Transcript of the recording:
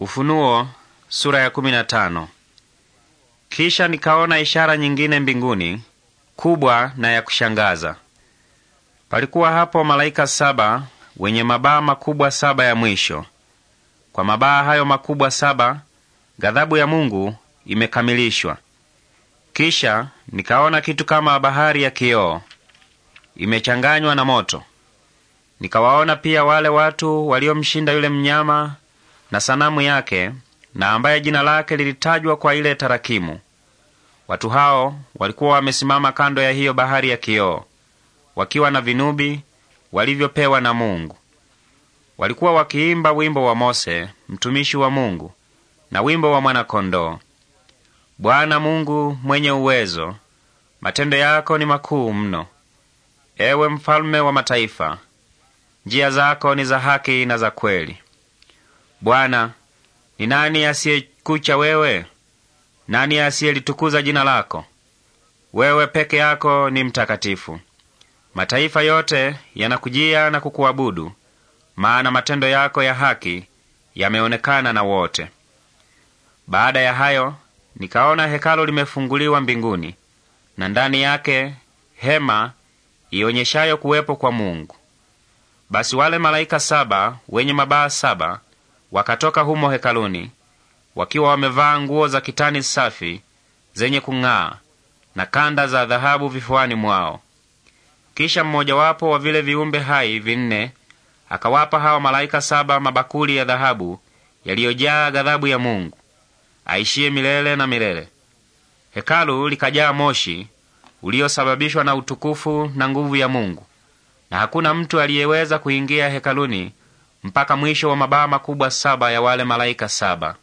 Ufunuo sura ya kumi na tano. Kisha nikaona ishara nyingine mbinguni kubwa na ya kushangaza. Palikuwa hapo malaika saba wenye mabaa makubwa saba ya mwisho. Kwa mabaa hayo makubwa saba ghadhabu ya Mungu imekamilishwa. Kisha nikaona kitu kama bahari ya kioo imechanganywa na moto. Nikawaona pia wale watu waliomshinda yule mnyama na sanamu yake na ambaye jina lake lilitajwa kwa ile tarakimu. Watu hao walikuwa wamesimama kando ya hiyo bahari ya kioo, wakiwa na vinubi walivyopewa na Mungu. Walikuwa wakiimba wimbo wa Mose mtumishi wa Mungu na wimbo wa Mwanakondoo. Bwana Mungu mwenye uwezo, matendo yako ni makuu mno. Ewe mfalme wa mataifa, njia zako ni za haki na za kweli. Bwana, ni nani asiyekucha wewe? Nani asiyelitukuza jina lako? Wewe peke yako ni mtakatifu. Mataifa yote yanakujia na kukuabudu, maana matendo yako ya haki yameonekana na wote. Baada ya hayo, nikaona hekalu limefunguliwa mbinguni, na ndani yake hema ionyeshayo kuwepo kwa Mungu. Basi wale malaika saba wenye mabaa saba Wakatoka humo hekaluni wakiwa wamevaa nguo za kitani safi zenye kung'aa na kanda za dhahabu vifuani mwao. Kisha mmojawapo wa vile viumbe hai vinne akawapa hawa malaika saba mabakuli ya dhahabu yaliyojaa ghadhabu ya Mungu aishiye milele na milele. Hekalu likajaa moshi uliosababishwa na utukufu na nguvu ya Mungu, na hakuna mtu aliyeweza kuingia hekaluni mpaka mwisho wa mabaa makubwa saba ya wale malaika saba.